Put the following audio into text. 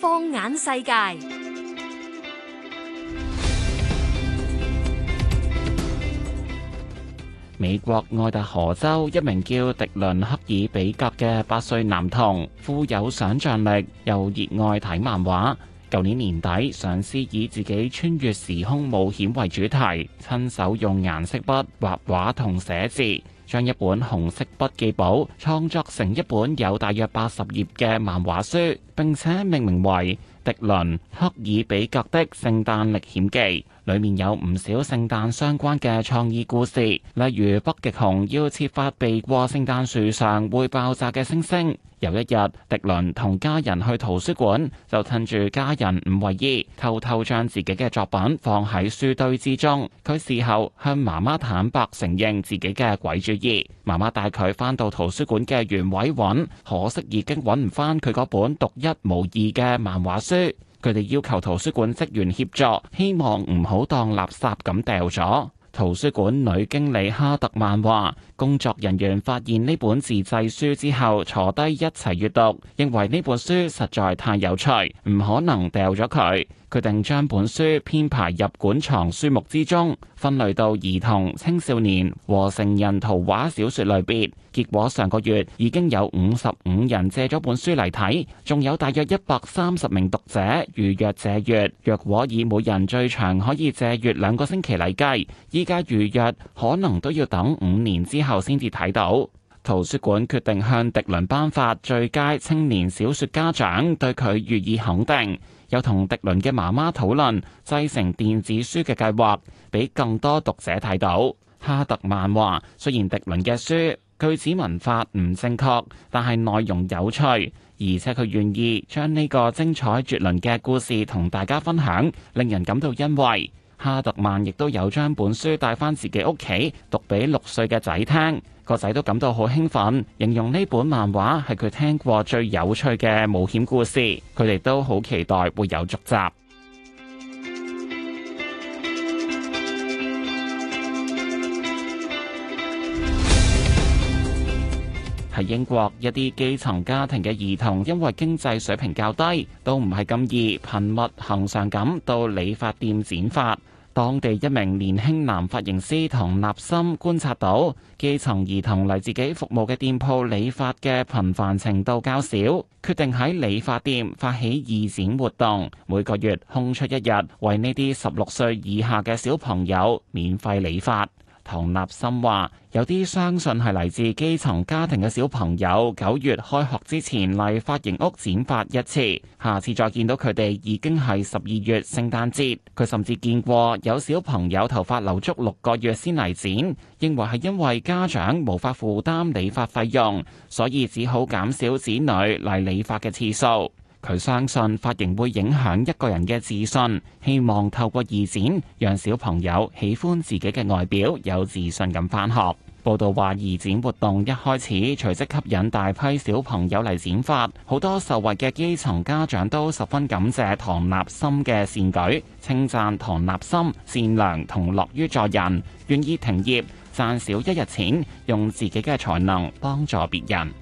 放眼世界，美國愛達荷州一名叫迪倫·克爾比格嘅八歲男童，富有想象力又熱愛睇漫畫。舊年年底，嘗試以自己穿越時空冒險為主題，親手用顏色筆畫畫同寫字。將一本紅色筆記簿創作成一本有大約八十頁嘅漫畫書，並且命名為《迪倫·克爾比格的聖誕歷險記》。裏面有唔少聖誕相關嘅創意故事，例如北極熊要設法避過聖誕樹上會爆炸嘅星星。有一日，迪倫同家人去圖書館，就趁住家人唔為意，偷偷將自己嘅作品放喺書堆之中。佢事後向媽媽坦白承認自己嘅鬼主意。媽媽帶佢翻到圖書館嘅原位搵，可惜已經搵唔翻佢嗰本獨一無二嘅漫畫書。佢哋要求圖書館職員協助，希望唔好當垃圾咁掉咗。圖書館女經理哈特曼話：工作人員發現呢本自製書之後，坐低一齊閱讀，認為呢本書實在太有趣，唔可能掉咗佢，決定將本書編排入館藏書目之中，分類到兒童、青少年和成人圖畫小說類別。結果上個月已經有五十五人借咗本書嚟睇，仲有大約一百三十名讀者預約借閱。若果以每人最長可以借閱兩個星期嚟計。依家預約可能都要等五年之後先至睇到。圖書館決定向迪倫頒發最佳青年小說家獎，對佢予以肯定。又同迪倫嘅媽媽討論製成電子書嘅計劃，俾更多讀者睇到。哈特曼話：雖然迪倫嘅書句子文法唔正確，但係內容有趣，而且佢願意將呢個精彩絕倫嘅故事同大家分享，令人感到欣慰。哈特曼亦都有將本書帶翻自己屋企讀俾六歲嘅仔聽，個仔都感到好興奮，形容呢本漫畫係佢聽過最有趣嘅冒險故事。佢哋都好期待會有續集。喺 英國，一啲基層家庭嘅兒童因為經濟水平較低，都唔係咁易頻密恆常咁到理髮店剪髮。當地一名年輕男髮型師同立森觀察到，基層兒童嚟自己服務嘅店鋪理髮嘅頻繁程度較少，決定喺理髮店發起義剪活動，每個月空出一日，為呢啲十六歲以下嘅小朋友免費理髮。唐立心話：有啲相信係嚟自基層家庭嘅小朋友，九月開學之前嚟髮型屋剪髮一次，下次再見到佢哋已經係十二月聖誕節。佢甚至見過有小朋友頭髮留足六個月先嚟剪，認為係因為家長無法負擔理髮費用，所以只好減少子女嚟理髮嘅次數。佢相信髮型會影響一個人嘅自信，希望透過義剪讓小朋友喜歡自己嘅外表，有自信咁返學。報道話，義剪活動一開始，隨即吸引大批小朋友嚟剪髮，好多受惠嘅基層家長都十分感謝唐立森嘅善舉，稱讚唐立森善良同樂於助人，願意停業賺少一日錢，用自己嘅才能幫助別人。